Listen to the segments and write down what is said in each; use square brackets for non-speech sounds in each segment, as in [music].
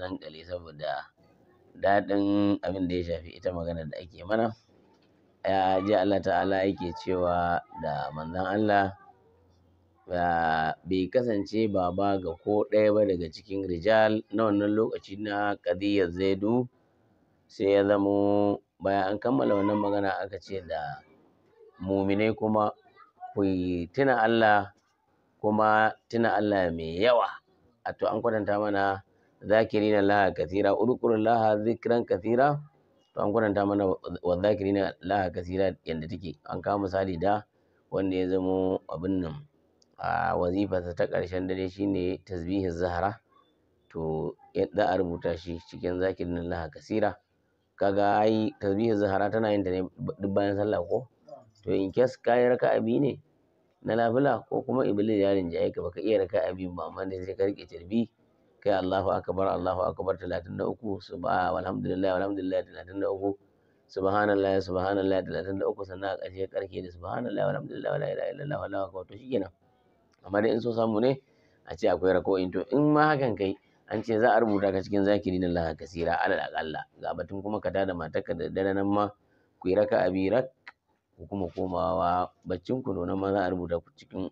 zankale saboda daɗin abin da ya shafi ita magana da ake mana ya ji Allah ta'ala yake cewa da manzan Allah bai kasance baba ga ko ɗaya ba daga cikin rijal na wannan lokaci na zai zaidu sai ya zamo bayan an kammala wannan magana aka ce da muminai kuma ku tuna Allah kuma tuna Allah mai yawa a to an kwatanta mana zakirin Allah kathira udkurun laha zikran kathira to an kwaranta mana wa zakirin laha kathira yanda take an kawo misali da wanda ya zamo abin nan a wazifarsa ta ƙarshen dare shine tasbihin zahara to za a rubuta shi cikin zakirin Allah kathira kaga ai tasbihin zahara tana yin ta ne duk bayan sallah ko to in kes kayi raka'a biyu ne na lafila ko kuma iblis ya rinjaye ka baka iya raka biyu ba amma dai sai ka rike tarbi kai Allahu akbar Allahu akbar 33 subha walhamdulillah walhamdulillah 33 subhanallah subhanallah 33 sannan a ƙarshe karke da subhanallah walhamdulillah wala ilaha illallah wallahu akbar to shikenan amma dai in so samu ne a ce akwai rako'in to in ma hakan kai an ce za a rubuta ka cikin zakiri na Allah kasira alal aqalla ga batun kuma ka tada matarka da dare nan ma ku yi raka abi rak ku kuma komawa baccin ku nan ma za a rubuta ku cikin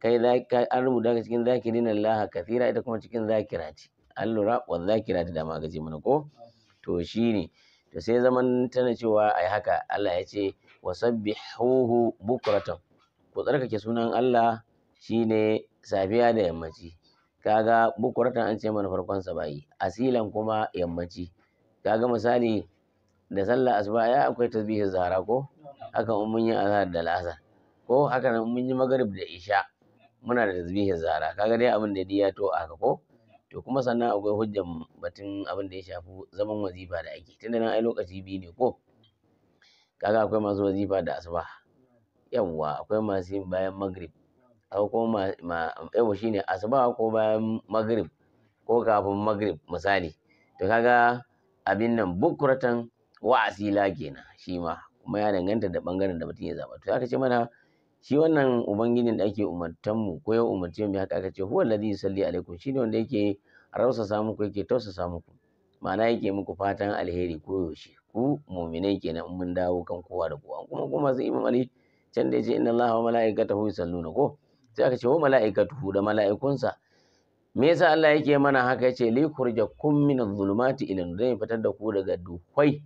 kai an rubuta ka cikin zakirin Allah kathira ita kuma cikin zakira ce an lura wa zakira ta dama gaje mana ko to shine to sai zaman tana cewa ai haka Allah ya ce wasabbihuhu bukratan ku tsarkake sunan Allah shine safiya da yammaci kaga bukuratan an ce mana farkon sa bayi asilan kuma yammaci kaga misali da sallah asuba ya akwai tasbihin zahara ko haka mun yi azhar da la'asar ko haka mun yi magrib da isha muna da tasbihin zara kaga dai abin da ya to haka ko to kuma sannan akwai hujjan batun abin da ya shafi zaman wazifa da ake tunda nan ai lokaci biyu ne ko kaga akwai masu wazifa da asuba yawwa akwai masu yin bayan magrib akwai kuma ma yawa shine asuba ko bayan magrib ko kafin magrib misali to kaga abin nan bukuratan wa asila kenan shi ma kuma ya danganta da bangaren da mutum ya zaba to aka ce mana shi wannan ubangijin da ake umartan mu ko ya umarce mu haka aka ce huwa allazi yusalli alaikum shine wanda yake sa muku yake tausasa muku ma'ana yake muku fatan alheri ko yaushe ku mu'minai kenan in mun dawo kan kowa da kowa kuma kuma sai imam ali can da yace inna allaha wa mala'ikatahu yusalluna ko sai aka ce wa mala'ikatuhu da mala'ikunsa me yasa Allah yake mana haka yace li kurjakum min adh-dhulumati ila nur zai fitar da ku daga dukwai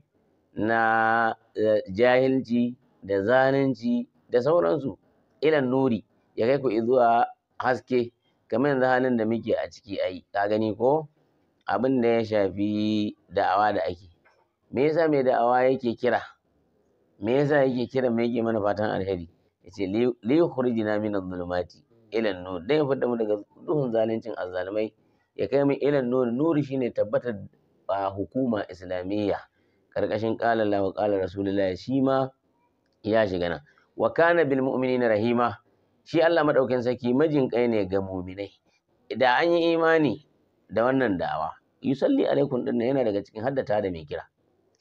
na eh, jahilci da zalunci da sauransu ilan nuri ya kai ku zuwa haske kamar yanzu halin da muke a ciki ai ka gani ko abin da ya shafi da'awa da ake me yasa mai da'awa yake kira me yasa yake kira me yake mana fatan alheri yace li yukhrijna min adh-dhulumati ila an-nur dai ya fada mu daga duhun zaluncin azzalumai ya kai mu ila an-nur nuri shine tabbatar a hukuma islamiyya karkashin qala Allah wa qala rasulullah shi ma ya shiga nan wa kana bil mu'minina rahima shi Allah madaukakin sarki majin kai ne ga mu'minai da an yi imani da wannan da'awa yusalli alaikum din yana daga cikin haddata da mai kira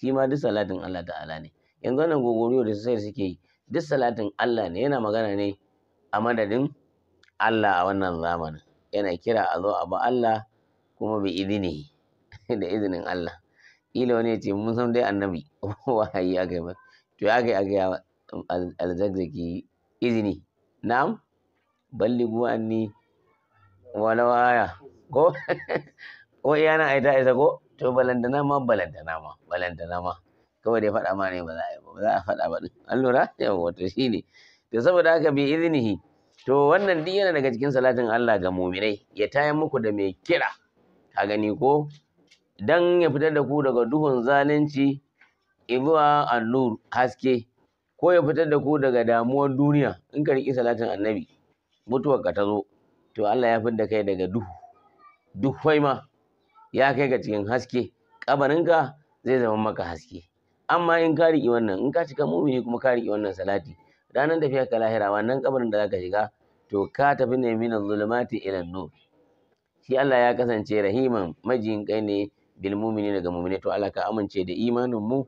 shi ma duk salatin Allah ta'ala ne yanzu wannan gogoriyo da sai suke yi duk salatin Allah ne yana magana ne a madadin Allah a wannan zamanin yana kira a zo a ba Allah kuma bi idini [laughs] da izinin Allah wani ya ce mun san dai annabi [laughs] wahayi aka yi ba. to ya ga aka yi alzakzaki izini. Na'am? balligu anni wala waya. Ko? [laughs] Ko yana aita ai ta isa ko? To balantana ma balantana ma balantana ma. Kawai dai faɗa ma ne ba za a yi ba. Ba za a faɗa ba ɗin. An lura? Yawwa to shi ne. To saboda haka bi izinihi. To wannan duk yana daga cikin salatin Allah ga muminai. Ya tayar muku da mai kira. Ka gani ko? Dan ya fitar da ku daga duhun zalunci. an nur haske. ko ya fitar da ku daga damuwar duniya in ka riƙi salatin annabi mutuwar ka ta zo to Allah ya fitar da kai daga duhu duk ma ya kai ga cikin haske kabarinka zai zama maka haske amma in ka riƙi wannan in ka cika mumini kuma ka riƙi wannan salati ranar tafiya ka lahira wannan kabarin da zaka shiga to ka tafi ne min zulumati ila nur shi Allah ya kasance rahiman majiyin kai ne bil mu'mini daga mu'mini to Allah ka amince da imanin mu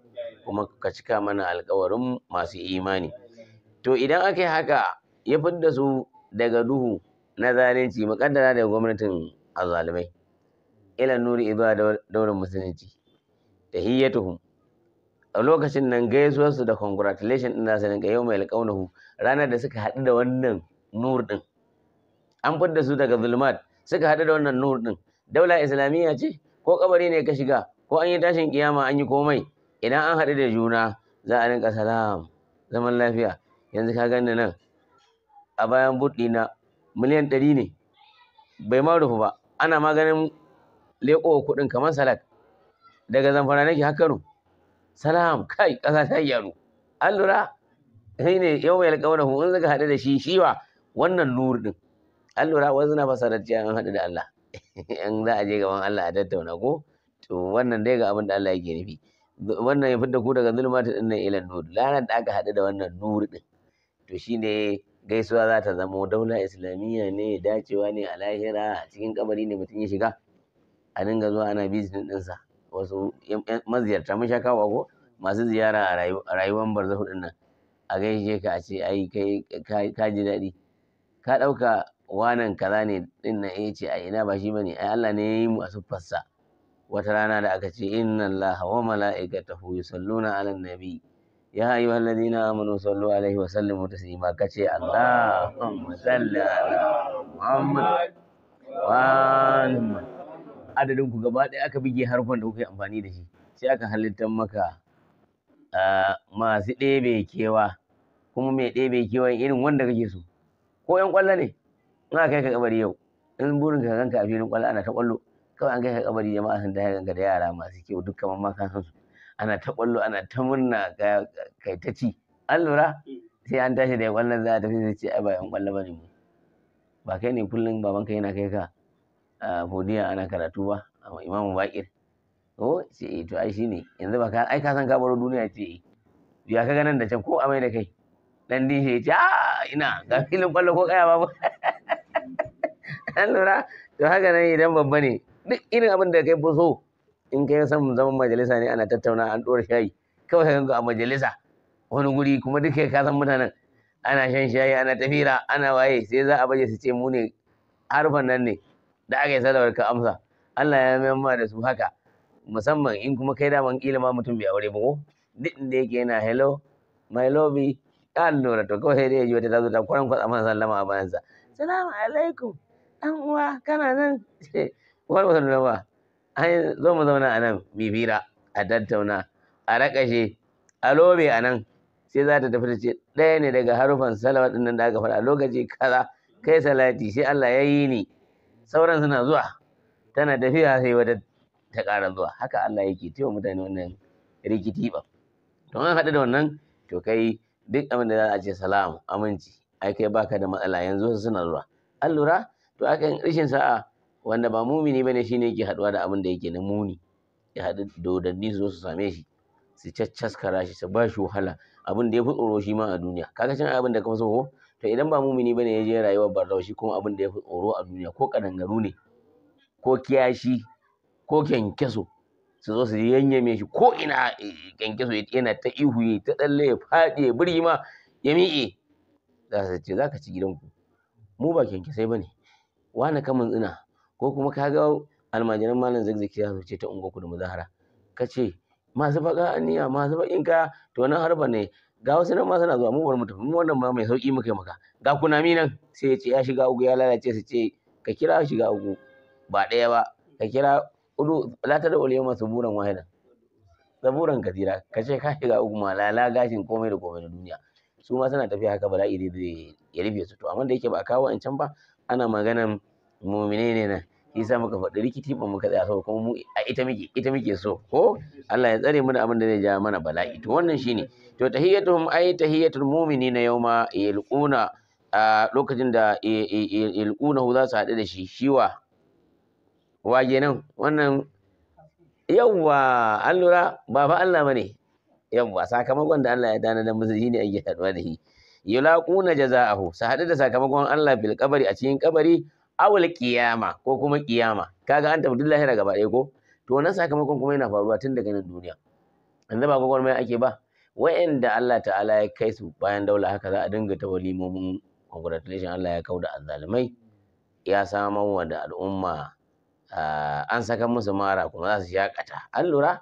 kuma ka cika mana alkawarin masu imani to idan aka yi haka ya fidda su daga duhu na zalunci muƙaddara daga gwamnatin azalumai ila nuri izuwa daular musulunci tahiyyatuhum a lokacin nan su da congratulation din nasu ga yau mai alƙaunahu ranar da suka haɗu da wannan nur din an fidda su daga zulmat suka haɗu da wannan nur din daula islamiyya ce ko kabari ne ka shiga ko an yi tashin kiyama an yi komai idan an haɗu da juna za a rinƙa salam zaman lafiya yanzu ka gani nan a bayan buɗi na miliyan ɗari ne bai ma rufu ba ana maganin leƙo kuɗin kamar salak daga zamfara nake har kano salam kai ƙasa ta yaro an lura sai ne yau mai alƙawarahu in suka haɗu da shi shiwa wannan nur ɗin an lura wasu na fasarar cewa an haɗu da Allah [laughs] in za a je gaban Allah a tattauna ko to wannan dai ga abin da Allah yake nufi wannan ya da ku daga zulmata din nan ila nur ranar da aka haɗu da wannan nur din to shine gaisuwa za ta zamo daula islamiyya ne dacewa ne a lahira cikin kabari ne mutum ya shiga a dinga zuwa ana din sa wasu maziyarta mun sha kawo ko masu ziyara a rayuwar barzahu din nan a gaishe ka a ce ai kai ka ji daɗi ka ɗauka wanan kaza ne din nan ya ce a ina ba shi bane ai Allah ne ya yi mu a siffarsa wata rana da aka ce inna Allah wa mala'ikatahu yusalluna 'alan nabi ya ayyuhal ladina amanu sallu alaihi wa sallimu taslima kace Allahumma salli ala Muhammad wa adadin ku gaba ɗaya aka bige harfan da kuka yi amfani da shi sai aka halittar maka masu ɗebe kewa kuma mai ɗebe kewa irin wanda kake so ko 'yan ƙwallo ne in aka kai ka kabari yau in burin ka ganka a filin ƙwallo ana ta ƙwallo kawai an kai kabari jama'a sun tashi ganga da yara masu kyau duk kamar ma kan su ana ta kwallo ana ta murna kai ta ci an lura sai an tashi da kwallon za a tafi sai ce ai ba yan kwallo bane mu ba kai ne kullum babanka yana kai ka a fodiya ana karatu ba imamu bakir ko oh, ce eh, to ai shine yanzu ba ka ai ka san ka baro duniya ce eh. ya ka ganin da can ko amai da kai dan shi ya ce a ah, ina ga filin kwallo ko kaya ba [laughs] an lura to haka nan idan babba ne duk irin abin da kai fi so in kai san zaman majalisa ne ana tattauna an ɗora shayi kawai ka a majalisa wani guri kuma duka ka san mutanen ana shan shayi ana tafira ana waye sai za a baje su ce mu ne harfan nan ne da aka yi sadawar ka amsa Allah ya mayar ma da su haka musamman in kuma kai daman kila ma mutum bai aure ba ko duk inda yake yana hello my love an lura to kawai sai dai ya ji wata ta zo kwaran kwatsa man sallama a bayansa salamu alaikum dan uwa kana nan [laughs] wani wasan nuna ba an zo mu zauna a nan bibira a tattauna a rakashe a lobe a nan sai za ta tafi da ce ɗaya ne daga harufan salawa ɗin nan da aka faɗa lokaci kaza kai salati sai Allah ya yi ni sauran suna zuwa tana tafiya sai wata ta ƙara zuwa haka Allah yake wa mutane wannan rikici ba to an haɗu da wannan to kai duk abin da za a ce salamu aminci ai kai baka da matsala yanzu suna zuwa an lura to akan rishin sa'a wanda ba mumini bane shine yake haduwa da abin da yake na muni ya haɗu dodanni su zo su same shi su caccaskara shi su ba shi wahala abin da ya fi tsoro shi ma a duniya kaga can abin da ka so ko to idan ba mumini bane ya je rayuwar barzahu kuma abin da ya fi tsoro a duniya ko kadangaru ne ko kiyashi ko kyankeso su zo su yanyame shi ko ina eh, kyankyaso yana ta ihu ya ta tsalle ya faɗi ya buri ma ya miƙe za su ce za ka ci gidanku mu ba kyankyasai ba ne wani kamun tsina ko kuma ka ga almajiran malam zakzaki ya zuce ta unguwar kudu muzahara ka ce masu baka aniya masu bakin kaya to wannan harba ne ga wasu nan ma suna zuwa mu bar mu tafi mu wannan ma mai sauki muka maka ga kunami nan sai ya ce ya shiga ugu ya lalace su ce ka kira shiga ugu ba ɗaya ba ka kira udu la ta da uliyama suburan wahida saburan kadira ka ce ka shiga ugu ma lala gashin komai da komai na duniya su ma suna tafiya haka bala'i dai ya rufe su to amma da yake ba a kawo in can ba ana maganan mumine ne nan isa muka faɗi rikici ba muka tsaya sau kuma mu a ita muke ita muke so ko Allah ya tsare mu da abin da zai ja mana bala'i to wannan shine to tahiyatuhum ay tahiyatul mu'minina yawma yalquna a lokacin da yalquna za su haɗu da shi shiwa wa kenan wannan yawwa an lura ba fa Allah bane yawwa sakamakon da Allah ya dana da musu shine ake haɗuwa da shi yulaquna jaza'ahu su haɗu da sakamakon Allah bil qabri a cikin qabri awul ƙiyama ko kuma kiyama kaga an tafi duk lahira gaba ɗaya ko to wannan sakamakon kuma yana faruwa tun daga nan duniya yanzu ba gwagwarmaya ake ba wa'anda Allah ta'ala ya kai su bayan daula haka za a dinga ta walimomin congratulation Allah ya kauda azzalumai ya samar wa da al'umma an saka musu mara kuma za su shakata an lura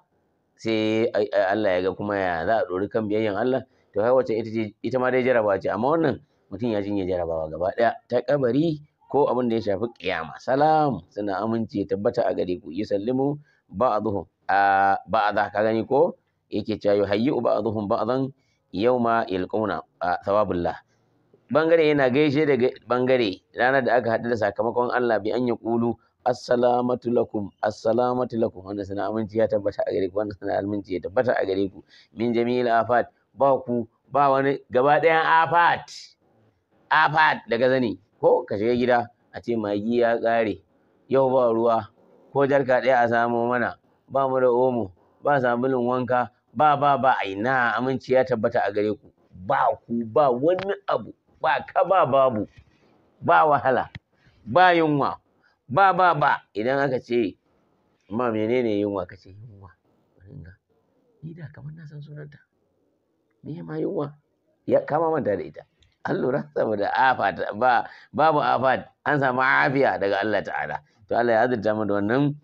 sai Allah ya ga kuma ya za a dori kan biyayyan Allah to kai wacce ita ma dai jarabawa ce amma wannan mutum ya jinye jarabawa gaba ɗaya ta kabari ko abin da ya shafi kiyama salam suna aminci ya tabbata a gare ku yusallimu ba'dhum a ba'dha ka gani ko yake cewa yuhayyu ba'dhum ba'dhan yawma yalqawna thawabullah bangare yana gaishe da bangare ranar da aka haɗu da sakamakon Allah bi an yaqulu assalamatu lakum assalamatu lakum wannan suna aminci ya tabbata a gare ku wannan suna aminci ya tabbata a gare ku min jamil afat ba ku ba wani gaba ɗayan afat afat daga zani ko ka shiga gida a ce magi ya ƙare yau ba ruwa ko jarka ɗaya a samo mana ba mu da omo ba sabulun wanka ba ba ba a ina aminci ya tabbata a gare ku ba ku ba wani abu ba ka ba babu ba wahala ba yunwa ba ba ba idan aka ce ma menene yunwa ka ce yunwa ni da kamar na san sunanta me ma yunwa ya kama manta da ita an lura saboda ba babu Afad an samu afiya daga Allah ta'ala to Allah ya azurta mu da wannan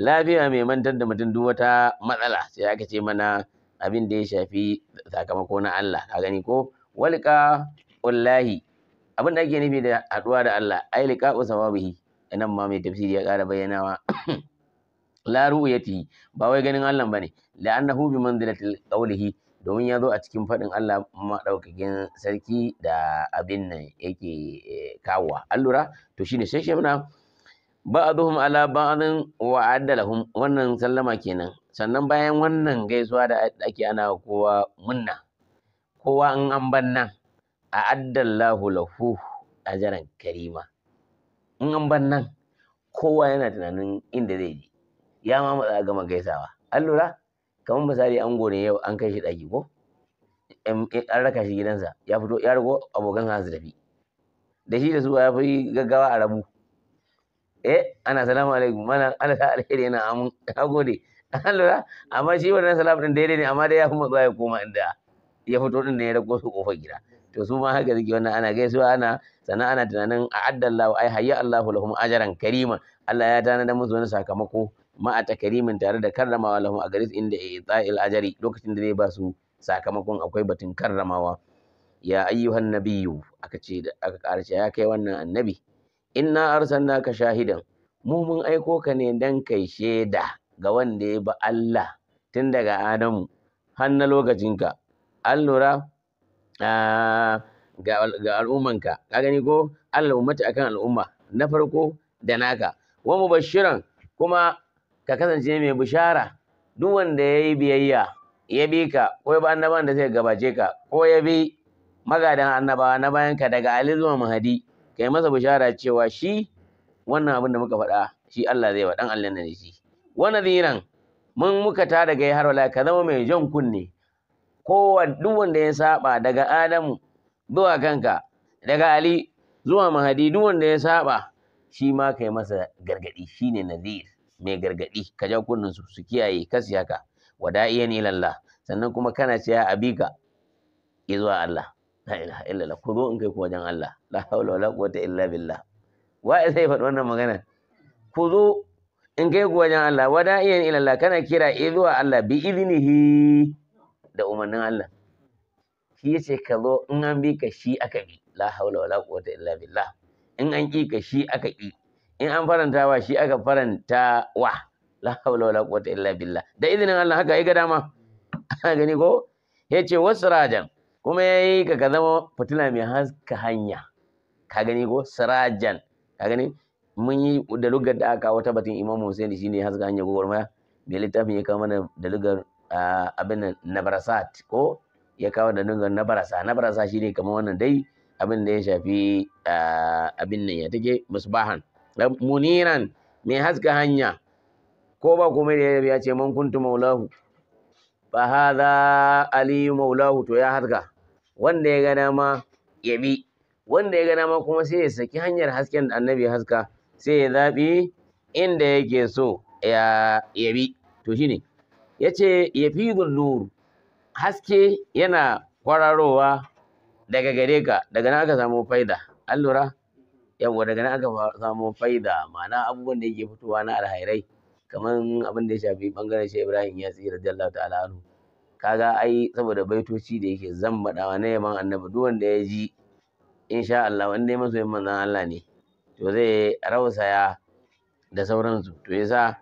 lafiya mai mantar da mutum duk wata matsala sai aka ce mana abin da ya shafi sakamako na Allah ka gani ko walqa wallahi abin da ake nufi da haduwa da Allah ai liqa'u sawabihi nan ma mai tafsiri ya ƙara bayyanawa [clears throat] la ru'yati ba wai ganin Allah bane la'annahu bi manzilatil qawlihi domin ya zo a cikin faɗin Allah maɗaukakin sarki da abin nan yake eh, kawowa an lura to muna ba a zuhun ala ba'dhin wa addalahum wannan sallama kenan sannan bayan wannan gaisuwa da ake ana kowa munna kowa in an banna a addallahu lahu jiran karima in an bannan kowa yana tunanin inda zai je ya ma matsa gama gaisawa an kamar misali an gore yau an kai shi ɗaki ko an raka shi gidansa ya fito ya rago abokan sa su tafi da shi da su ya fi gaggawa a rabu eh ana salamu alaikum mana ana sa alheri yana amin na gode an lura amma shi wannan salamu din daidai ne amma dai ya fi matsuwa ya koma inda ya fito din da ya rago su kofar gida to su ma haka suke wannan ana gaisuwa ana sannan ana tunanin a'addallahu ai hayya Allahu lahum ajran karima Allah ya tanada musu wani sakamako ma'ata karimin tare da karramawa lahum a garis inda ya i'ta'il ajari lokacin da zai ba su sakamakon akwai batun karramawa ya ayyuhan nabiyyu aka ce aka karshe ya kai wannan annabi inna sha shahidan mu mun aiko ka ne dan kai shaida ga wanda ya ba Allah tun daga Adamu har na lokacinka an ga al'ummanka ka gani ko Allah a akan al'umma na farko da naka wa mubashiran kuma ka kasance mai bishara duk wanda ya yi biyayya ya bi ka ko ya bi annabawan da zai gabace ka ko ya bi magadan annabawa na bayan ka daga Ali zuwa Mahadi kai masa bishara cewa shi wannan abin da muka faɗa shi Allah zai wa dan Allah ne shi wannan zinan mun muka ta daga har ka zama mai jan kunne kowa duk wanda ya saba daga Adamu zuwa kanka daga Ali zuwa Mahadi duk wanda ya saba shi ma kai masa gargadi shine nazir mai gargadi ka ja kunnin su su kiyaye kasi haka iya ni lalla sannan kuma kana cewa abika izuwa Allah la ilaha illallah ku zo in kai ku wajen Allah la haula wala quwwata illa billah wa sai faɗi wannan magana ku zo in kai ku wajen Allah iya ni lalla kana kira izuwa Allah bi idnihi da umarnin Allah shi yace ka zo in an bi ka shi aka bi la haula wala quwwata illa billah in an ki ka shi aka ki in an faranta wa shi aka faranta wa la hawla wala quwwata illa billah da idinin Allah haka ai ga dama gani ko yace wasrajan kuma yayi ka ka zama fitila mai haska hanya ka gani ko sirajan ka gani mun yi da lugar da aka wata batun Imam Hussein shi ne haska hanya maya. mai littafin ya kawo mana da lugar abin nabarasat ko ya kawo da lugar nabarasa nabarasa shine kamar wannan dai abin da ya shafi abin nan ya take musbahan muniran mai haska hanya ko ba kuma da ya ce man kuntu maulahu ba hadha aliyu maulahu to ya haska wanda ya gana ma ya bi wanda ya gana ma kuma sai ya saki hanyar hasken da annabi ya haska sai ya zaɓi inda yake so ya bi to shine ya ce ya fi nur haske yana kwararowa daga gare ka daga nan aka samu faida allura. yawwa daga nan aka samo faida ma'ana abubuwan da yake fitowa na alhairai kamar abin da ya shafi bangaren shi Ibrahim ya tsira radiyallahu ta'ala anhu kaga ai saboda baitoci da yake baɗawa na yaman annabi duk wanda ya ji insha Allah wanda ya masoyin manzon Allah ne to zai rausaya da sauransu to yasa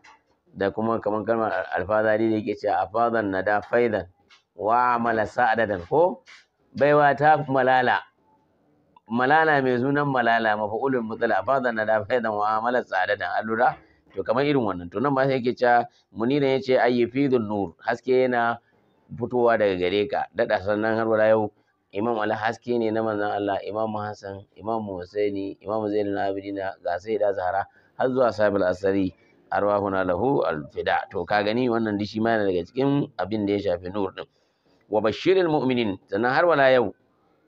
da kuma kamar kalmar alfazari da yake cewa afadan nada faidan wa amala sa'adatan ko baiwa ta malala malala mai sunan malala mafa'ulul matsala. ba zan da da wa tsada da allura to kamar irin wannan to nan ma sai yake cewa munira yace ayyifidun nur haske yana fitowa daga gare ka dada sannan har wala yau imam ala haske ne na manzon Allah imam Hassan imam Husaini imam Zainul Abidin ga sai da Zahra har zuwa Sabil Asari arwahuna lahu alfida to ka gani wannan dishi ma yana daga cikin abin da ya shafi nur din wa bashirul mu'minin sannan har wala yau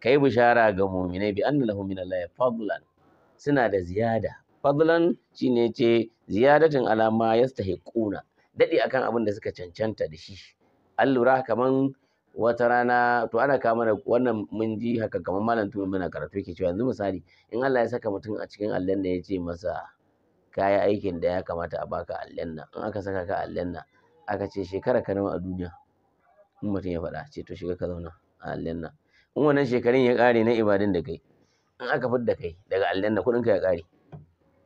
kai bishara ga mu'minai bi anna min Allah fadlan suna da ziyada fadlan shine ce ziyadatin alama yastahiquna dadi akan abin da suka cancanta da shi an lura kaman wata rana to ana kama da wannan mun ji haka kamar malam tumi muna karatu yake cewa yanzu misali in Allah ya saka mutum a cikin allan da ya ce masa kaya aikin da ya kamata a baka allan nan in aka saka ka allan nan aka ce shekara kana a duniya in mutum ya faɗa ce to shiga ka zauna a allan nan in wannan shekarun ya ƙare na ibadun da kai in aka da kai daga aljanna da kuɗinka ya ƙare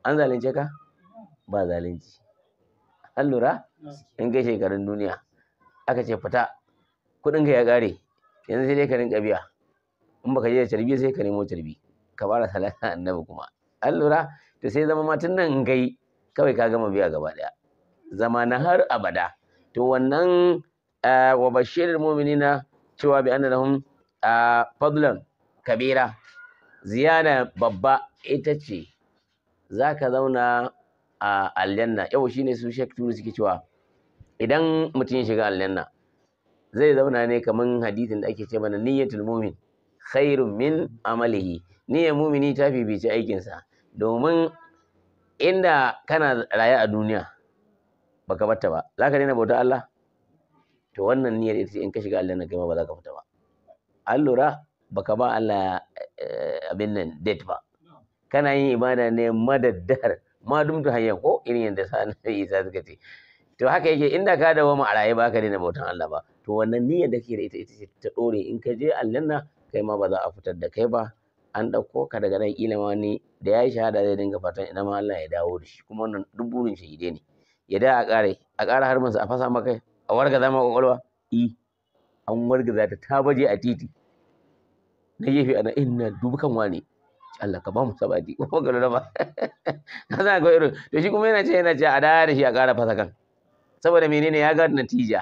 an zalunce ka ba zalunci an lura in kai shekarun duniya aka ce fita kuɗinka ya ƙare yanzu sai dai ka rinka biya in baka je da carbi sai ka nemo carbi ka fara salata annabi kuma an lura to sai zama ma tun nan kai kawai ka gama biya gaba ɗaya zama na har abada to wannan eh, wa bashirin mu'minina cewa bi anna lahum A fadlan kabira ziyara babba ita ce za ka zauna a aljanna yau shi ne su shek turu suke cewa idan mutum ya shiga aljanna zai zauna ne kamar hadisin da ake ce mana niyyatul mumin khairun min amalihi niyyar mumini ta fifice aikinsa domin inda kana raye a duniya baka bata ba za ka daina bauta Allah to wannan niyyar ita in ka shiga aljanna kai ma ba za ka fita ba an lura baka ba Allah eh, abin nan date ba kana yin ibada ne madaddar ma dumtu hayya ko irin yadda sani isa suka ce to haka yake inda ka dawo mu a rayuwa ba ka daina bautan Allah ba to wannan niyyar da kake da ita ita ce ta dore in ka je aljanna kai ma ba za a fitar da kai ba an ɗauko ka daga nan ƙila ma ni da ya shahada zai dinga fatan ina ma Allah ya dawo da shi kuma wannan duk burin shahide ne ya da a ƙare a ƙara har a fasa maka a wargaza ma ƙwaƙwalwa i an wargaza ta ta baje a titi na yefe ana inna dubi kan wane Allah ka ba mu sabadi ko ga ba na za ga irin to shi kuma yana ce yana ce a da da shi a ƙara fasakan saboda menene ya ga natija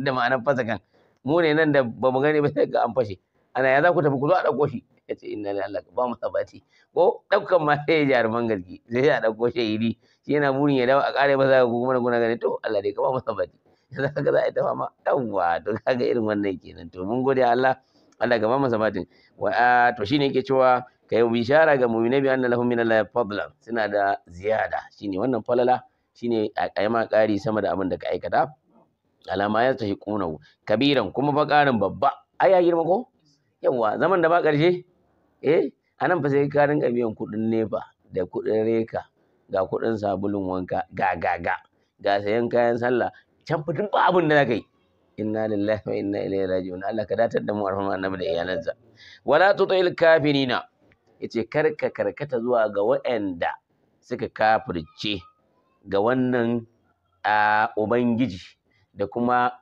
da ma'anar fasakan mu ne nan da ba mu gani ba sai ga an fashe ana ya za ku tafi ku zo a ɗauko shi ya ce inna Allah ka ba mu sabati ko ɗaukan ma sai ya jaruman garki sai ya ɗauko shi iri shi yana burin ya dawo a ba za ga kuma guna gani to Allah dai ka ba mu sabati [laughs] za ka za a yi ta fama yawwa to kaga irin wannan kenan to mun gode Allah Allah ga masa fatin wa to shine yake cewa kai bishara ga mu'mina bi anna lahum min Allah fadlan suna da ziyada shine wannan falala shine a ma kari sama da abin da ka aikata alama ya ta kunahu kabiran kuma fa karin babba ai ya girma ko yawa zaman da ba ƙarshe eh anan fa sai ka kabiyan biyan kuɗin nefa da kuɗin reka ga kuɗin sabulun wanka ga ga ga ga sayan kayan sallah can fitin ba abin da za ka yi inna lillahi wa inna ilaihi raji'un Allah ka datar da mu arhamu annabi da iyalansa wala tuti'il kafirina yace karka karkata zuwa ga waɗanda suka kafirce ga wannan ubangiji da kuma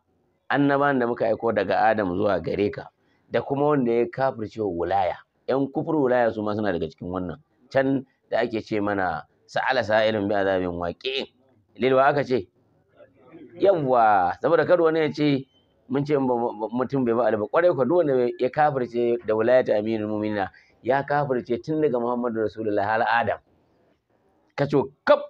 annaban da muka aiko daga Adam zuwa gare ka da kuma wanda ya kafirce wulaya yan kufur wulaya su ma suna daga cikin wannan can da ake ce mana sa'ala sa'ilun bi azabin waqi'in lilwa aka ce yawwa saboda kar wani ya ce mun ce mutum bai ba alba kwarai ko duk ya kafirce da wilayatu aminul mu'minina ya kafirce tun daga Muhammadu rasulullahi har Adam kaco kap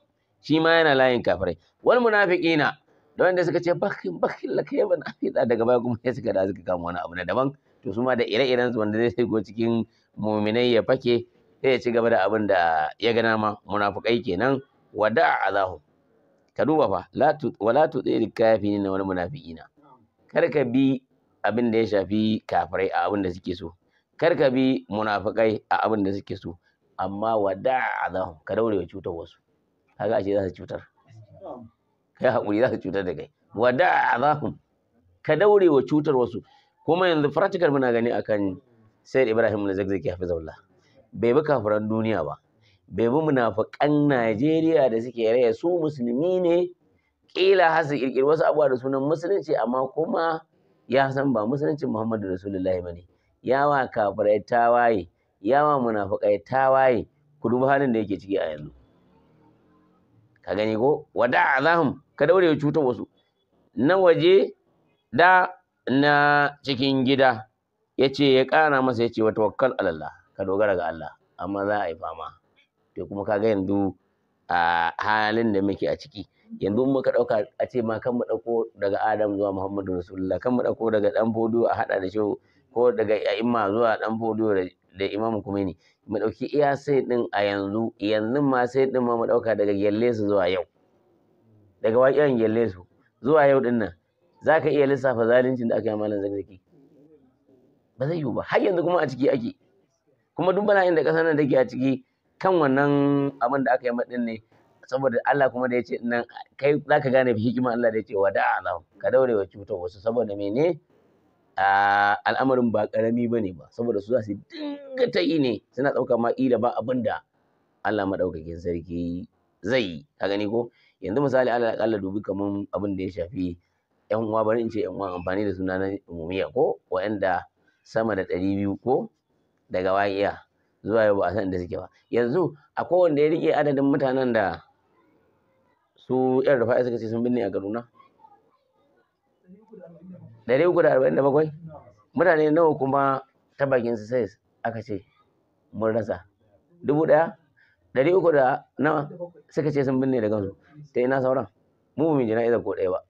shi ma yana layin kafirai wal munafiqina da wanda suka ce bakin bakin la kai bana afida daga baya kuma sai suka da suka kama wani abu na daban to su ma da ire-iren su wanda zai go cikin muminai ya fake sai ya ci gaba da abin da ya gana ma munafukai kenan wada'a alahu ka duba fa wala tu na wani wal munafiqina kar ka bi abin da ya shafi kafirai a abin da suke so kar ka bi munafikai a abin da suke so amma wada azahum ka daure wa cutar wasu kaga ashe za su cutar kai hakuri za su cutar da kai wada azahum ka daure wa cutar wasu kuma yanzu practical muna gani akan Sayyid Ibrahim na Zakzaki Hafizahullah bai bi kafiran duniya ba bai bi munafiƙan Najeriya da suke raya su musulmi ne kila su ƙirƙiri wasu abubuwa da sunan musulunci amma kuma ya san ba musuluncin Muhammadu Rasulullahi ne. yawa kafirai tawaye yawa munafiƙai tawaye ku duba halin da yake ciki a yanzu ka gani ko wada azahum ka daure ya cutar wasu na waje da na cikin gida yace ya ƙara masa yace wa tawakkal ala Allah ka dogara ga Allah amma za a yi fama to kuma kaga yanzu a halin da muke a ciki yanzu muka ɗauka a ce ma kan mu dauko daga adam zuwa muhammadu rasulullah kan mu dauko daga dan fodo a haɗa da shi ko daga imma zuwa dan fodo da imamu kumeni mu dauki iya sai din a yanzu yanzu ma sai ɗin ma mu ɗauka daga gellesu zuwa yau daga waƙen Gellesu zuwa yau din nan za ka iya lissafa zaluncin da aka yi malam zakzaki ba zai yiwu ba har yanzu kuma a ciki ake kuma duk bala'in inda ƙasar nan take a ciki kan wannan abin da aka yi maɗin ne saboda Allah kuma da ya ce nan kai za ka gane hikima Allah da ya ce wada alam ka daure wa cutar wasu saboda mene al'amarin ba karami ba ne ba saboda su za su dinga ta yi ne suna ɗauka ma ila ba abin da Allah maɗaukakin sarki zai yi ka gani ko yanzu misali Allah ya dubi kamar abin da ya shafi ƴan uwa bari in ce ƴan uwa amfani da suna na umumiya ko waɗanda sama da ɗari biyu ko daga wa'iya zuwa yau ba a san inda suke ba yanzu akwai wanda ya rike adadin mutanen da su yan rufa'i suka ce sun binne a garuna Dari uku da arba'in da bakwai mutane nawa kuma ta bakin su sai aka ce mun rasa dubu ɗaya dari uku da nawa suka ce sun binne da kansu ta ina sauran mu mu jina ko ɗaya ba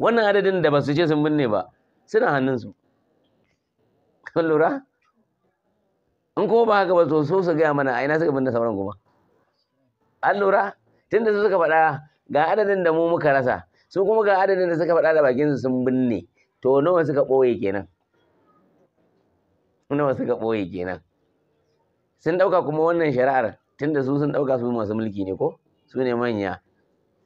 wannan adadin da ba su ce sun binne ba suna hannunsu kan lura in ko ba haka ba to so su gaya mana a ina suka binne sauran kuma an lura tunda su suka faɗa ga adadin da mu muka rasa su kuma ga adadin da suka faɗa da bakin su sun binne to nawa suka ɓoye kenan nawa suka ɓoye kenan sun ɗauka kuma wannan shari'ar tunda su sun ɗauka su masu mulki ne ko su ne manya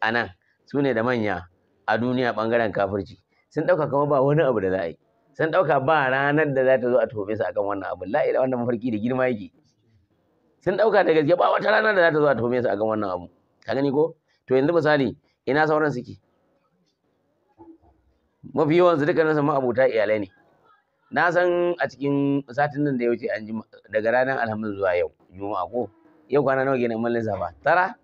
a nan su ne da manya a duniya ɓangaren kafirci sun ɗauka kuma ba wani abu da za a yi sun ɗauka ba ranar da za ta zo a tobe su akan wannan abu. la'ila wannan mafarki da girma yake sun ɗauka da gaske ba wata ranar da za ta zo a tobe su akan wannan abu ka gani ko to yanzu misali ina sauran suke mafi yawan su dukkanin su ma'abuta iyalai ne na san a cikin satin nan da ya wuce an ji daga ranar alhamis zuwa yau juma'a ko yau kwana nawa kenan mallin safa tara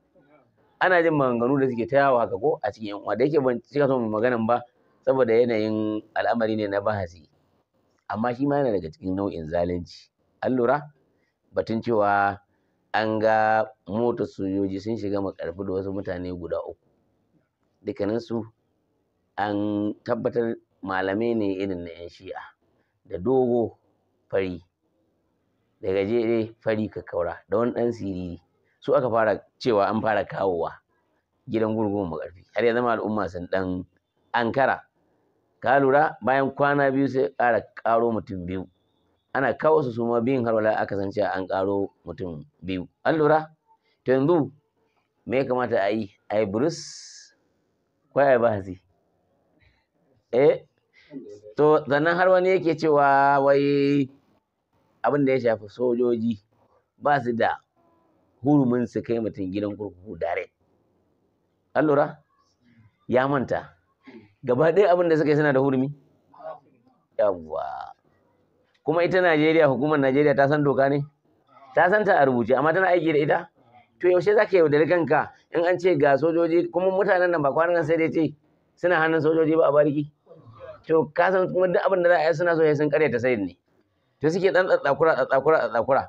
ana jin maganganu da suke ta yawo haka ko a cikin yan uwa da yake ban cika son maganan ba saboda yanayin al'amari ne na bahasi amma shi ma yana daga cikin nau'in zalunci an lura batun cewa an ga mota sojoji sun shiga makarfi da wasu mutane guda uku dukkaninsu an tabbatar malamai ne irin na 'yan shi'a da dogo fari da gajere fari ka kaura, da wani ɗan siriri su aka fara cewa an fara kawowa gidan gurgun makarfi har ya zama al'umma sun ɗan ankara ka lura bayan kwana biyu sai ƙara ƙaro mutum biyu ana kawo su suma biyun har wala aka san cewa an ƙaro mutum biyu an lura to yanzu me ya kamata a yi a yi burus ko a eh to sannan har wani yake cewa wai abin da ya shafi sojoji ba su da hurumin su kai mutum gidan kurkuku dare an lura ya manta gaba ɗaya abin da suka yi suna da hurumi yawwa kuma ita Najeriya hukumar Najeriya ta san doka ne ta san ta a rubuce amma tana aiki da ita to yaushe za ka yaudari kanka in an ce ga sojoji kuma mutanen nan ba kwanan nan sai dai ce suna hannun sojoji ba a bariki to ka san kuma duk abin da za a yi suna so ya sun karyata sayin ne to suke dan tsatsakura tsatsakura tsatsakura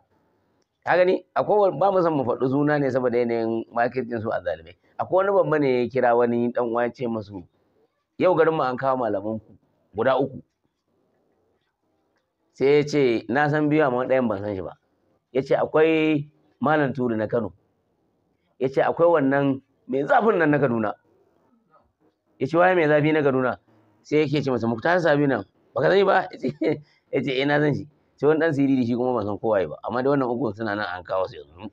ka gani akwai wani ba mu san mu faɗi suna ne saboda yanayin marketing su a zalibai. akwai wani babba ne ya kira wani dan wace masu yau garin mu an kawo malaman ku guda uku sai ya ce na san biyu amma ɗayan ban san shi ba ya ce akwai malam turu na kano ya ce akwai wannan mai zafin nan na kaduna ya ce waye mai zafi na kaduna sai yake ce masa muktar sabi nan Ba ka sani ba [laughs] ya ce eh na san shi sai wani dan siriri shi kuma ban san kowa ba amma da wannan uku suna nan an kawo su yanzu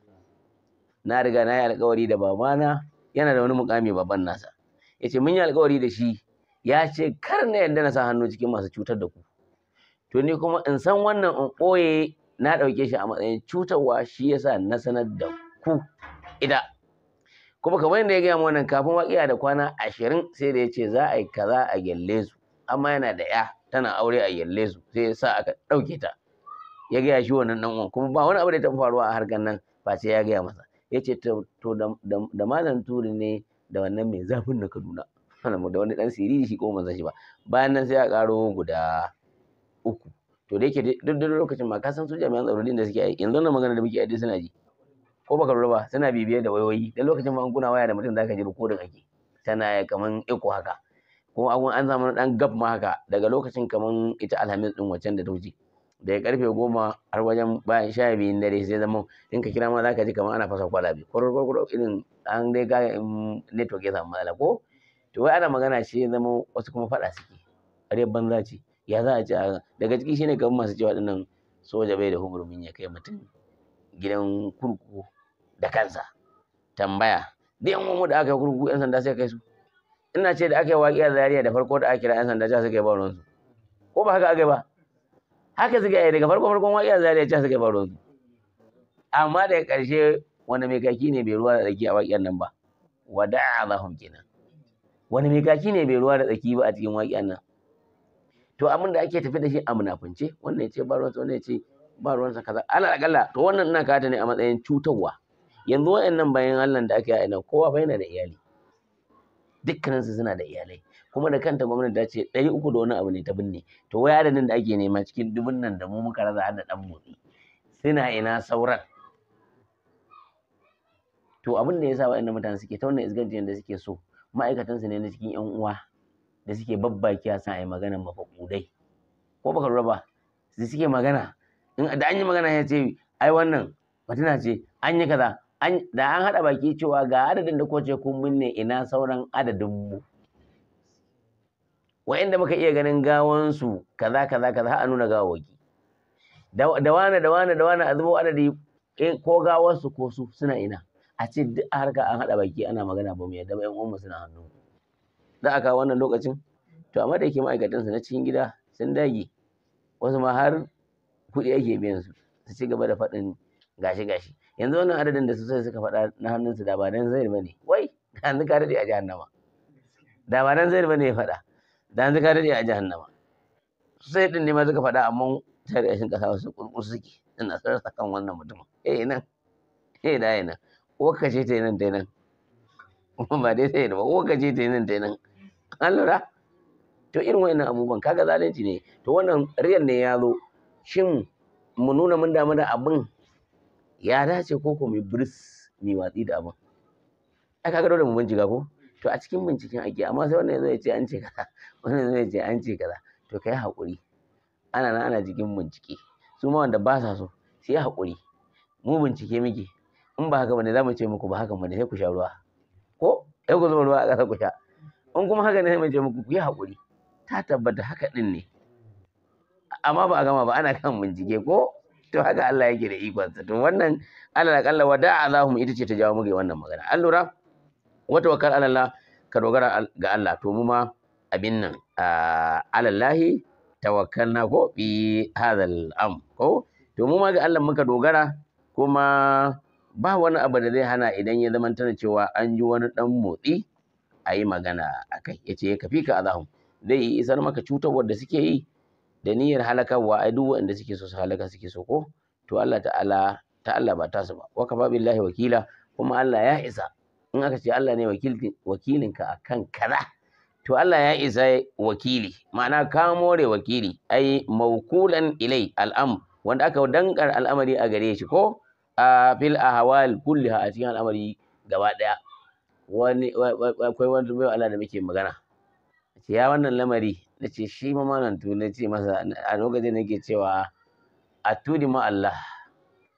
na riga na yi alkawari da babana yana da wani mukami baban nasa ya ce mun yi alkawari da shi ya ce kar na yarda na sa hannu cikin masu cutar da ku to ni kuma in san wannan in ɓoye na ɗauke shi a matsayin cutarwa shi yasa na sanar da ku ida kuma kamar yadda ya gaya mu wannan kafin waƙiya da kwana ashirin sai da ya ce za a yi kaza a gyalle su amma yana da ya tana aure a gyalle su sai ya sa aka ɗauke ta ya gaya shi wannan ɗan uwan kuma ba wani abu da ta faruwa a harkar nan ba sai ya gaya masa ya ce to da malam turi ne da wannan mai zafin na kaduna da wani dan siriri shi ko ban san shi ba bayan nan sai a karo guda uku to da yake duk da lokacin ma ka san su jami'an tsaro din da suke aiki yanzu wannan magana da muke aiki suna ji ko baka lura ba suna bibiyar da wayoyi dan lokacin ma an kuna waya da mutum zaka ji recording ake tana kaman iko haka kuma an an samu dan gab ma haka daga lokacin kaman ita alhamis din wacan da ta wuce daga karfe goma har wajen bayan sha biyun dare sai zama in ka kira ma zaka ji kamar ana fasa kwalabe kwarkwarkwar irin an dai ga network ya samu matsala ko to wai ana magana shi ya zama wasu kuma faɗa suke ƙaryar banza ce ya za a ci a daga ciki shine kamar masu cewa dinnan soja bai da hurumin ya kai mutum gidan kurkuku da kansa tambaya da yan uwanmu da aka yi kurkuku yan sanda sai kai su ina ce da aka yi waƙiyar zariya da farko da aka kira yan sanda ca suka yi ba su ko ba haka aka yi ba haka suka yi daga farko farkon waƙiya zariya ca suka yi ba su amma daga ƙarshe wanda mai kaki ne bai ruwa da rake a waƙiyar nan ba wada'a lahum kenan wani mai kaki ne bai ruwa da tsaki ba a cikin waƙiyan nan to abin da ake tafi da shi a munafunce wannan ya ce ba ruwansa wannan ya ce ba ruwansa kaza ala akalla to wannan ina kata ne a matsayin cutarwa yanzu waɗannan bayan Allah da ake yi nan kowa fa yana da iyali dukkaninsu suna da iyalai kuma da kanta gwamnati ta ce ɗari uku da wani abu ne ta binne to da adadin da ake nema cikin dubun nan da mu muka raza har da ɗan motsi suna ina sauran to abin da ya sa waɗannan mutane suke ta wannan isgancin da suke so ma'aikatansu ne na cikin yan uwa da suke babbaki a san magana, yi maganar mafakudai ko baka lura ba su suke magana in da an yi magana ya ce ai wannan fitina ce an yi kaza da an haɗa baki cewa ga adadin da kowace kun binne ina sauran adadin mu wa'inda muka iya ganin gawansu kaza kaza kaza har a nuna gawawaki da wane da wane da wane a zubo adadi eh, ko gawansu ko su suna ina a ce duk a harka an haɗa baki ana magana ba mu yadda ba yan uwanmu suna hannu za a kawo wannan lokacin to amma da yake su na cikin gida sun dage wasu ma har kuɗi ake biyan su su ci gaba da faɗin gashi gashi yanzu wannan adadin da su sai suka faɗa na hannunsu da ba dan zai bane wai yanzu ka daɗe a jahannama da ba dan zai bane ya faɗa da yanzu ka daɗe a jahannama sai din ne ma suka faɗa amma tare da shin kasa su kurkur suke ina sarrafa kan wannan mutumin eh nan eh da nan Ko ce ta yi nan ta yi nan [laughs] ba dai ta yi ba uwarka ce ta yi nan ta yi nan an lura to irin wayannan abubuwan kaga zalunci ne to wannan riyal ne ya zo shin mu nuna mun damu da abin ya dace ko ko mai birs mai watsi da abin ai kaga dole mu bincika ko to a cikin binciken ake amma sai wannan yazo ya ce an ce kaza [laughs] wannan yazo ya ce an ce kaza to kai hakuri ana nan ana cikin bincike su ma wanda ba sa so sai hakuri mu bincike muke in ba haka bane za mu ce muku ba haka bane sai ku sha ruwa ko sai ku zuba ruwa a ƙasa ku sha in kuma haka ne sai mu ce muku ku yi haƙuri ta tabbata haka din ne amma ba a gama ba ana kan bincike ko to haka Allah yake da ikonsa to wannan Allah kalla wada Allahum ita ce ta jawo muke wannan magana an lura wa tawakkal ala Allah ka dogara ga Allah to mu ma abin nan alallahi tawakkalna ko bi hadal am ko to mu ma ga Allah muka dogara kuma ba wani abu da zai hana idan ya zama tana cewa an ji wani dan motsi a yi magana a kai ya ce ya kafi ka azahu zai yi isar maka cutarwar da suke yi da niyyar halakarwa ai duk waɗanda suke so su halaka suke so ko to Allah ta'ala ta Allah ba tasu ba wa kafa billahi wakila kuma Allah ya isa in aka ce Allah ne wakilinka akan kaza to Allah ya isa wakili ma'ana ka more wakili ai mawkulan ilai al'am wanda aka dankar al'amari a gare shi ko fil ahwal kulliha a cikin al'amari gaba daya wani akwai wani mai Allah da muke magana ce ya wannan lamari nace shi ma malam tu nace masa a lokacin nake cewa atudi ma Allah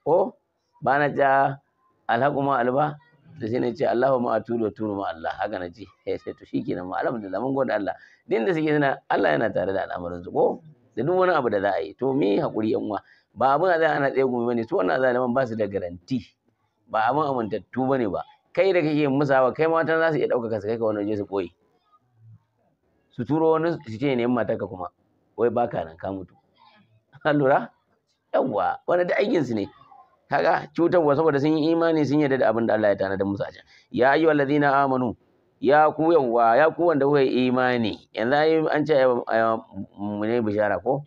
ko ba na ja alhaqu ma alba da sai nace ce Allahu ma wa turu ma Allah haka na eh sai to shikenan ma alhamdulillah mun gode Allah din da suke suna Allah yana tare da al'amarin su ko da duk wani abu da za a yi to mi hakuri yan uwa ba abin da ana tsaye gumi bane su wannan zaliman ba su da garanti ba abin amintattu bane ba kai da kake musawa kai mata za su iya ɗaukaka su kai ka wani waje su koyi su turo wani su ce neman matarka kuma wai baka nan ka mutu an lura yawwa wani da aikin su ne kaga cutarwa saboda sun yi imani sun yarda da abin da Allah ya tanada musa a can ya ayyuhal ladina amanu ya ku yawwa ya ku wanda kuka yi imani yanzu an ce mu ne bishara ko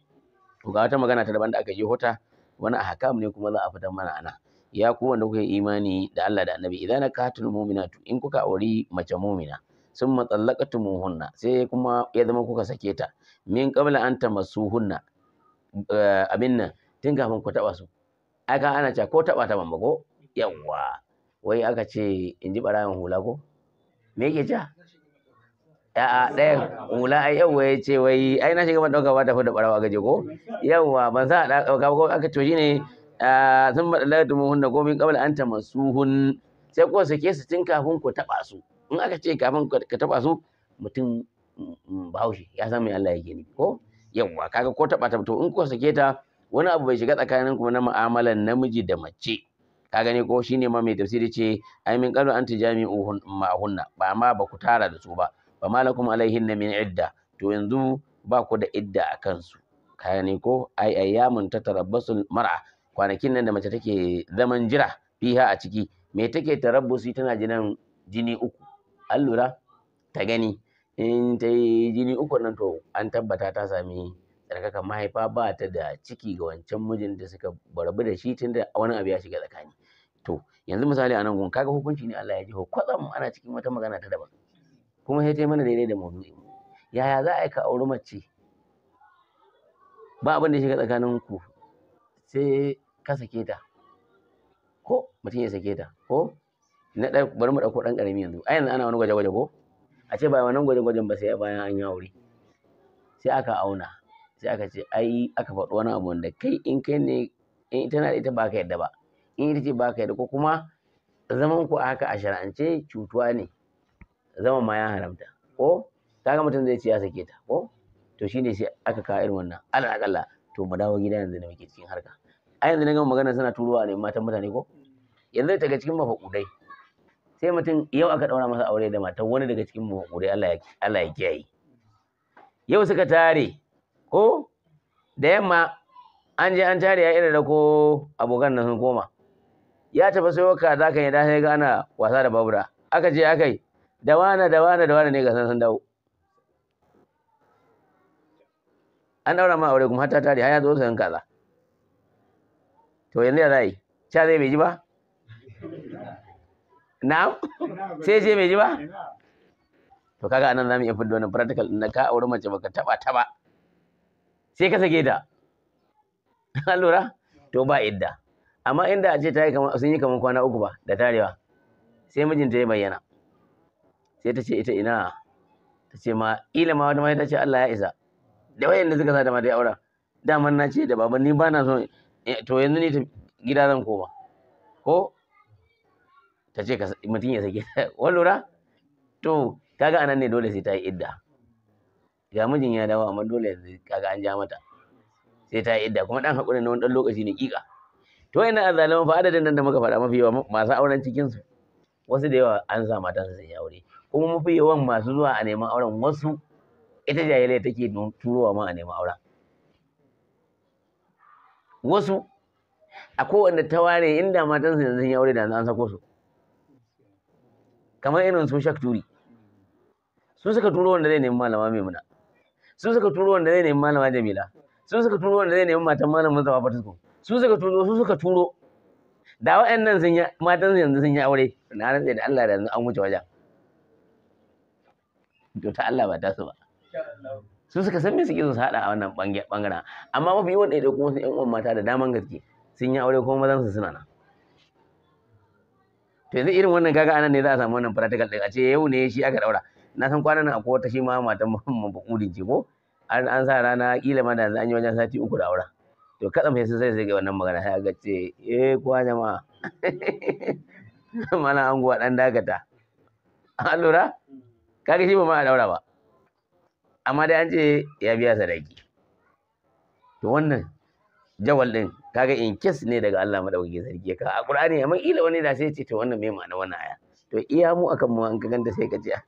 to ga wata magana ta daban da aka yi hota, wani a ahkam ne kuma za a fitar mana ana ya ku wanda kuka yi imani da Allah da Annabi idan katul mu'minatu in kuka auri mace mu'mina sun muhunna sai kuma ya zama kuka sake ta min qabla an hunna. Eh, abin nan tun kafin ku taba su aka ana cewa ko taba ta bamba ko yawwa wai aka ce in ji barayin hula ko me yake ja A'a ɗayan hula ai yawwa ya ce wai ai na shiga ban ɗauka ba tafi da ɓarawa gaje ko yawwa ban sa da ɗauka ko aka to ne. sun baɗa lagatu hunna ko min qabla anta masuhun sai ko ke su tun kafin ku taɓa su in aka ce kafin ka taɓa su mutum mm, bahaushe ya san me Allah yake ni ko yawwa kaga ko taɓa ta to in ku sake ta wani abu bai shiga tsakanin ku na mu'amalan namiji da mace ka gani ko shine ma mai tafsiri ce ai min qabla anta jami'u ma'hunna ba ma ba ku tara da su ba wa malakum na min idda to yanzu ba ku da idda a kansu kaya ne ko ai ayyamun tarabbasul mar'a kwanakin nan da mace take zaman jira fiha a ciki me take tarabbusi tana jinan jini uku an ta gani in ta yi jini uku nan to an tabbata ta sami tsarkakan mahaifa ba ta da ciki ga wancan mijin da suka barbu da shi tun da wani abu ya shiga tsakani to yanzu misali a nan gun kaga hukunci ne Allah ya ji ko kwatsam ana cikin wata magana ta daban kuma sai ta mana daidai da maudu'in yaya za a yi ka auri mace ba abin da ya shiga tsakanin ku sai ka sake ta ko mutum ya sake ta ko na ɗan bari mu ɗauko ɗan ƙarami yanzu a yanzu ana wani gwaje-gwaje ko a ce bayan wannan gwaje-gwajen ba sai bayan an yi aure sai aka auna sai aka ce ai aka faɗi wani abu wanda kai in kai ne in ita na da ita ba ka yadda ba in ita ce ba ka yadda ko kuma zaman ku a haka a shar'ance cutuwa ne zaman ma ya haramta ko kaga mutum zai ce ya sake ta ko to shine sai aka kawo irin wannan alal akalla to mu dawo gida yanzu ne muke cikin harka a yanzu na gama magana suna turowa ne matan mutane ko yanzu daga cikin mafakudai sai mutum yau aka daura masa aure da matan wani daga cikin mafakudai Allah ya Allah ya kiyaye yau suka tare ko da yamma an je an tare ya irin da ko abokan nan sun koma ya tafi sai waka zaka yi da sai ga ana wasa da babura aka je aka yi da wane da wane da wane ne ga san dawo an daura ma aure kuma hata tare har ya zo sayan kaza to yanzu ya zai cha zai bai ji ba na'am sai ce bai ji ba to kaga anan zamu iya fidda wannan practical din ka aure mace baka taba taba sai ka sake ta an lura to ba idda amma inda a ce ta yi sun yi kamar kwana uku ba da tarewa sai mijinta ya bayyana sai ta ce ita ina ta ce ma ila ma wata ma ta ce Allah ya isa da da suka sa da ma dai auren daman na ce da baban ni ba na so eh, to yanzu ne ta gida zan koma ko ta ce mutum ya sake wani lura to kaga anan ne dole sai ta yi idda ga mijin ya dawo amma dole yanzu kaga an ja mata sai ta yi idda kuma dan hakuri na wani dan lokaci ne kika to yana azalaman fa adadin nan da muka faɗa mafi yawa masu auren cikin su wasu da yawa an sa matansa sai ya aure kuma mafi yawan masu zuwa a neman auren wasu ita jahiliya take turowa ma a neman auren wasu a kowanne ta ware inda matansu yanzu sun yi aure da an sako su kamar irin su shak turi sun suka turo wanda zai nemi malama maimuna sun suka turo wanda zai nemi malama jamila sun suka turo wanda zai nemi matan malam mustafa fatisko sun suka turo sun suka turo da wa'annan sun yi matan yanzu sun yi aure na rantsa da Allah da yanzu an wuce wajen ta Allah ba ta su ba su suka san me suke so su hada a wannan bangaren amma mafi yawan ɗaiɗai kuma sun yan uwan mata da daman gaske sun yi aure kuma mazan su suna nan to yanzu irin wannan kaga anan ne za a samu wannan practical din a ce yau ne shi aka daura. na san kwanan nan akwai wata shi ma matan [laughs] Muhammad Bakudin ce ko an an sa rana kila ma da an yi wajen sati uku da aura. to mai sun sai sai ga wannan magana sai ga ce eh kuwa jama'a [laughs] mana anguwa dan dagata an lura kaga shi ba ma a daura ba amma dai an ce ya biya sadaki to wannan jawal din kaga in kes ne daga Allah madaukake sarki ka a Qur'ani amma ila wani da sai ya ce to wannan mai ma'ana wannan aya to iya mu akan mu an ka ganda sai ka ji ah,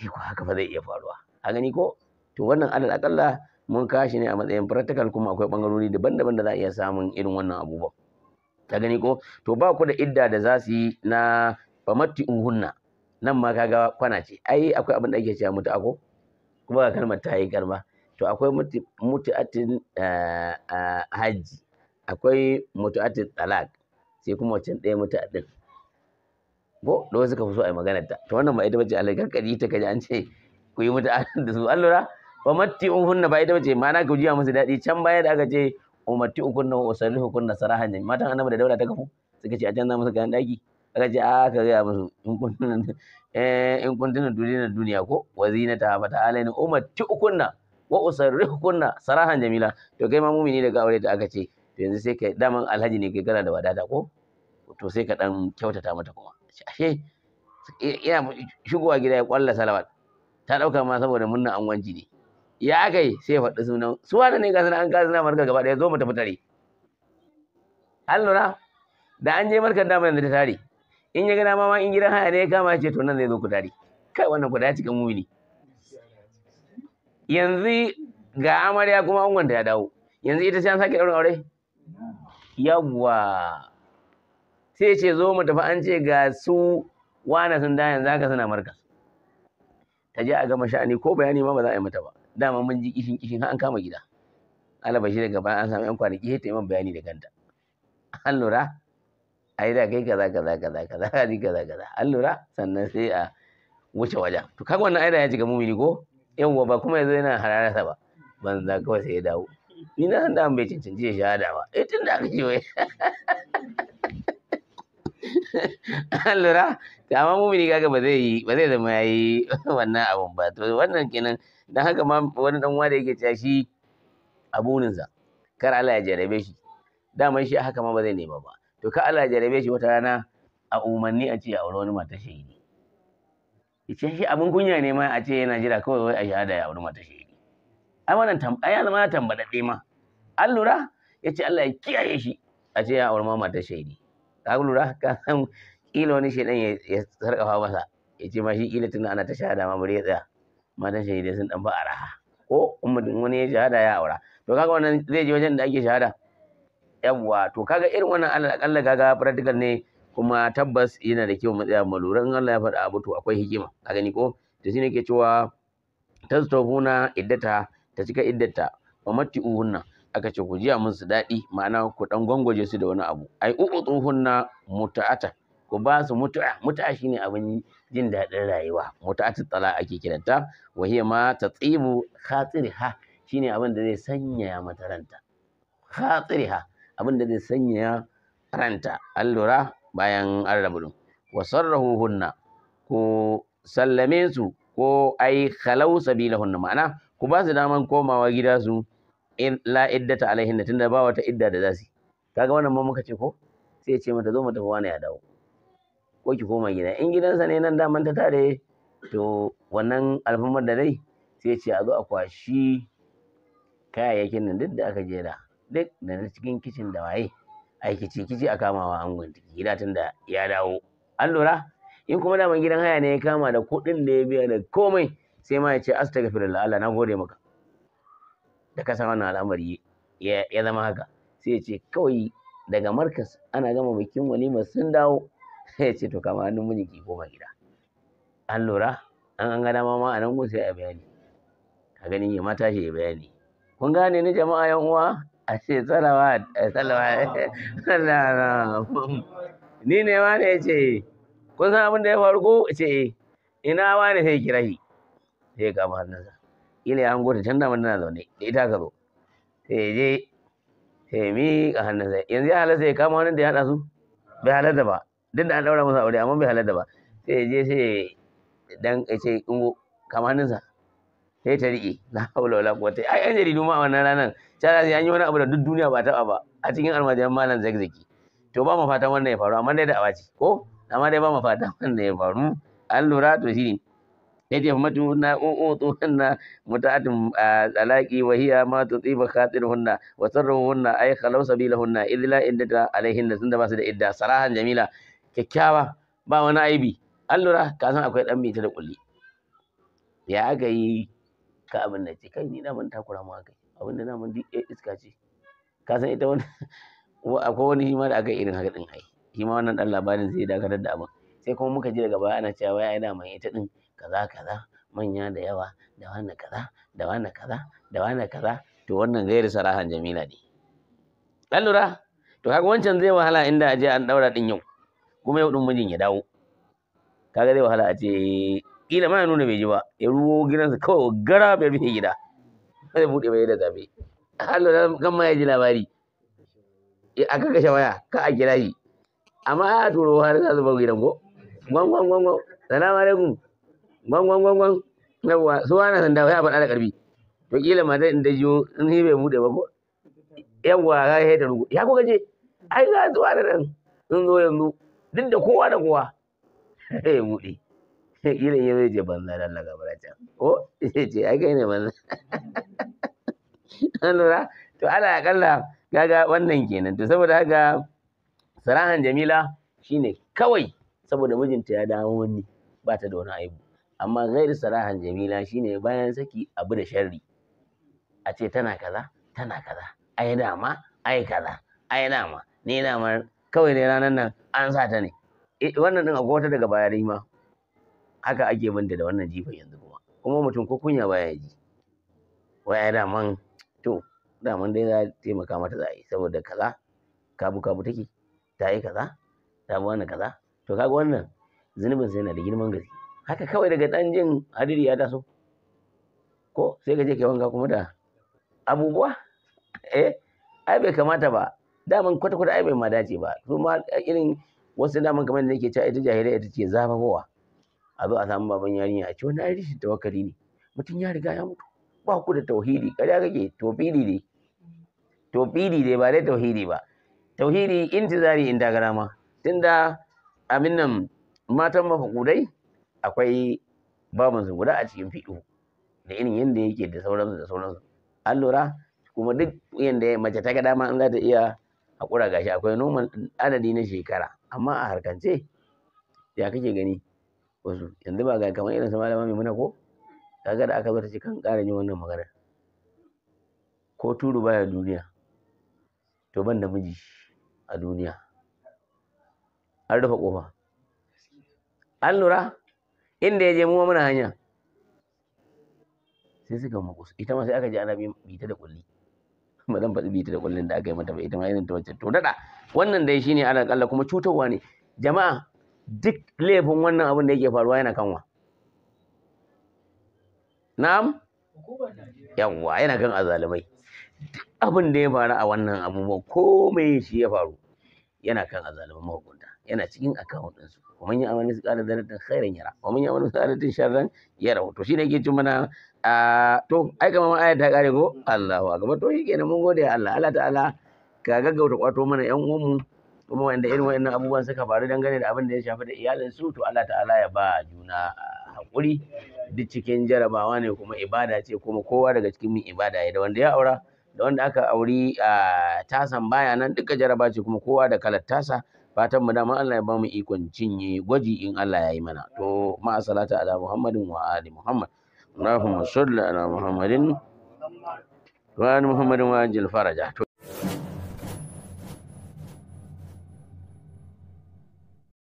eh ko haka fa zai iya faruwa a gani ko to wannan alal akalla mun kashi ne a matsayin practical kuma akwai bangarori daban-daban da za a iya samun irin wannan abubuwan ta gani ko to ba ku da idda da za su yi na famatti hunna nan ma kaga kwana ce ai akwai abin da ake cewa mutu ako kuma ga kalmar ta yi garma, to akwai mutu atin eh, eh, haji, akwai mutu atin talak sai kuma wacce ɗaya mutu'atin ko da wasu ka fi so a yi maganar ta to wannan ba ita bace Allah kakkari ta kaji an ce ku yi mutu'atin [laughs] da su an lura ba matti'uhunna ba ita bace ma'ana ku jiya musu daɗi can baya da aka ce umatti ukunna wa usallihu kunna sarahan matan annabi da daula ta kafu suka ce a can za musu kayan ɗaki aka ce a ka gaya musu in kuntunan eh, in kuntunan duniya duniya ko wazinata Umar, ta'alaina umatti'ukunna wa usarrihukunna sarahan jamila to kai ma mumini daga aure da aka ce to yanzu sai kai daman alhaji ne kai gara da wadata ko to sai ka dan kyautata mata kuma ashe ina shigowa gida ya kwalla salawat ta dauka ma saboda munna angwanci ne ya kai sai ya faɗi sunan su wani ne gasar an kasa na marka gaba ɗaya zo mu tafi tare an lura da an je markan dama da ta tare in ya ga dama in gidan haya ne ya kama ce to nan zai zo ku tare kai wannan ku da cikin ne yanzu ga amarya kuma angonta ya dawo yanzu ita sai an sake ɗaurin aure yawwa sai ce zo mu tafi an ce ga su wana sun da yanzu haka suna marka ta je a gama sha'ani ko bayani ma ba za a yi mata ba dama mun ji kishin kishin har an kama gida alabashi daga baya an samu yan kwanaki sai ta yi man bayani da kanta an lura ai da kai kaza kaza kaza kaza [laughs] hadi kaza kaza an lura sannan sai a wuce wajen to kaga wannan aida ya shiga mumini ko yawwa ba kuma yazo yana hararsa ba banza kawai sai ya dawo ni na san da bai cancanci ya shahada ba eh tun da aka ce wai [laughs] an lura amma mumini kaga ba zai ba zai zama yayi [laughs] wannan abun ba to wannan kenan dan haka ma wani dan da yake cewa shi abuninsa kar Allah ya jarabe shi dama shi haka ma ba zai nema ba to ka Allah jarabe shi wata rana a umarni a ce ya aure wani mata shahidi yace shi abin kunya ne ma a ce yana jira kawai wai a shahada ya aure mata shahidi ai wannan tambaya ya zama dai ma an lura yace Allah ya kiyaye shi a ce ya aure ma mata shahidi ka lura ka san kila wani shedan ya sarkafa masa yace ma shi kila tunda ana ta shahada ma bari ya tsaya mata shahidi sun dan ba araha ko in wani ya shahada ya aura to kaga wannan zai je wajen da ake shahada yawwa to kaga irin wannan alal akalla kaga practical ne kuma tabbas yana da kyau mu tsaya mu lura in Allah ya faɗa abu to akwai hikima a gani ko to shine ke cewa tastawfuna iddata ta cika iddata wa matti'uhunna aka ce ku jiya musu daɗi ma'ana ku dan gwangwaje su da wani abu ai uqutuhunna muta'ata ku ba su mutu'a mutu'a shine abin jin daɗin rayuwa muta'atu tsala ake kiranta wa hiya ma tatsibu khatiriha shine abin da zai sanyaya mata ranta khatiriha abin da zai sanya ranta an lura bayan an rabu wa sarrahuhunna ko sallame su ko ai khalau sabilahunna ma'ana ku ba su daman komawa gida su in la iddata alaihinna tunda ba wata idda da zasu kaga wannan ma muka ce ko sai ya ce mata zo mu tafi wani ya dawo ko ki koma gida in gidansa ne nan daman ta tare to wannan alfamar da dai sai ce a zo a kwashi kayayyakin nan duk da aka jera duk da na cikin kicin da waye aiki ce kici a kamawa angon ciki gida tun da ya dawo an lura in kuma daman gidan haya ne ya kama da kuɗin da ya biya da komai sai ma ya ce astaghfirullah Allah na gode maka da kasa wannan al'amari ya zama haka sai ya ce kawai daga markas ana gama bikin walima sun dawo sai ya ce to kama hannun mijin ki koma gida an lura an an ga dama ma a nan gun sai a bayani a ganin ya mata shi ya bayani kun gane ni jama'a yan uwa ashe salawat ah. [laughs] salawat ni ne ma ne ce kun san abin da ya faru ko ce eh, ina ma ne sai kirahi sai sai kama hannunsa kila an hango ta mun da tana zaune da ita ka zo sai je sai mi miƙa hannunsa yanzu ya sai ya kama hannun da ya hada su bai da ba duk da an ɗaura masa aure amma bai da ba sai je sai dan ce ungo kama sa sai ta riƙe la haula wala quwwata ai an jaridu ma a wannan ranar ta an yi wani abu da duk duniya ba taɓa ba a cikin almajiran malam zakzaki to ba mu fatan wannan ya faru amma dai da awaci ko amma dai ba mu fatan [laughs] wannan ya faru an lura to shi ne yace matu na utu hunna muta'atin talaqi wa hiya ma tutiba hunna wa sarruhunna ay khalaw sabilahunna idla iddata alaihinna tunda ba su da idda sarahan jamila kyakkyawa ba wani aibi an lura ka san akwai dan mita da kulli ya aka yi ka abin nan ce kai ni na ban takura mu kai abin da na ban duk iska ce ka san ita wani akwai wani hima da aka irin haka din ai hima wannan dan labarin zai dakatar da abin sai kuma muka ji daga baya ana cewa ya ina mai ita din kaza kaza manya da yawa da wani kaza da wani kaza da wani kaza to wannan gairu sarahan jamila ne dan lura to kaga wancan zai wahala inda aje an daura din yau kuma yau din mijin ya dawo kaga zai wahala a ce kila ma ya nuna bai ji ba ya ruwo gidansa kawai gara bai rufe gida ba zai buɗe bai da zabe Allah kan ma ya ji labari a kan kashe waya ka a kira shi amma a turo har za su bar gidan ko gwan gwan salamu alaikum gwan gwan yawwa su wani sanda ya faɗa da ƙarfi to kila ma zai da jiyo in shi bai buɗe ba ko yawwa ka ya da rugu ya ko kaje ai za su wani nan sun zo yanzu duk da kowa da kowa ya buɗe [laughs] irin yau ce banza dan na gabar can o sai [laughs] ce ai kai ne banza [laughs] an lura to ala akalla gaga wannan kenan to saboda haka sarahan jamila shine kawai saboda mijinta ya dawo wani ba ta da wani aibu amma gairu sarahan jamila shine bayan saki abu da sharri a ce tana kaza tana kaza ai dama ai kaza ai dama ni dama kawai ne ranar nan an sa ta ne eh, wannan din akwai wata daga baya ma haka ake binta da wannan jifan yanzu kuma kuma mutum ko kunya baya ji waya man to da man dai za taimaka mata za yi saboda kaza kabu kabu take ta yi kaza ta bi wannan kaza to kaga wannan zunubin sai yana da girman gaske haka kawai daga ɗan jin hadiri ya taso ko sai ka je kai wanka kuma da abubuwa eh ai bai kamata ba daman kwata kwata ai bai ma dace ba su ma irin wasu daman kamar da nake cewa ita jahiliya ita ce zafafowa a zo a samu baban yarinya a ce wani ai rishin tawakkali ne mutum ya riga ya mutu ba ku da tauhidi ƙarya kake tofili ne tofili ne ba dai tauhidi ba tauhidi intizari in dagara tunda abin nan matan mafakudai akwai baban su guda a cikin fiɗo da irin yadda yake da sauransu da sauransu an lura kuma duk yadda mace ta ga dama in za ta iya haƙura gashi akwai noman adadi na shekara amma a harkance ya kake gani wasu yanzu ba ga kamar irin su malama muna ko kaga da aka zo cikin ce kan ƙara yin wannan magana ko turu baya duniya to ban da miji a duniya an rufe ƙofa an lura inda ya je mu muna hanya sai suka makus ita ma sai aka ji ana bita da kulli ba zan faɗi bita da kullin da aka yi mata ba ita ma irin ta wacce to daɗa wannan dai shine alal kalla kuma cutarwa ne jama'a duk laifin wannan abin da yake faruwa yana kanwa na'am yawwa yana kan azalumai duk abin da ya faru a wannan ko komai shi ya faru yana kan azalumai mahukunta yana cikin account din su kuma ya amana su kana daratin khairan yara kuma ya amana su kana daratin sharran yara to shine yake cin mana to ai kamar aya ta kare ko Allahu akbar to kenan mun gode Allah Allah ta'ala ka gaggauta kwato mana yan uwan mu kuma wanda irin wayannan abubuwan suka faru dangane da abin da ya shafi da iyalin su to Allah ta'ala ya ba juna ah, hakuri duk cikin jarabawa ne kuma ibada ce kuma kowa daga cikin min ibada ya da wanda ya aura da wanda aka auri a ah, tasan baya nan duka jaraba ce kuma kowa da kalar tasa fatan mu dama Allah ya ba mu ikon cinye gwaji in Allah ya yi mana to ma salatu ala muhammadin wa ali muhammad ala muhammadin wa ali muhammadin wa ajil faraja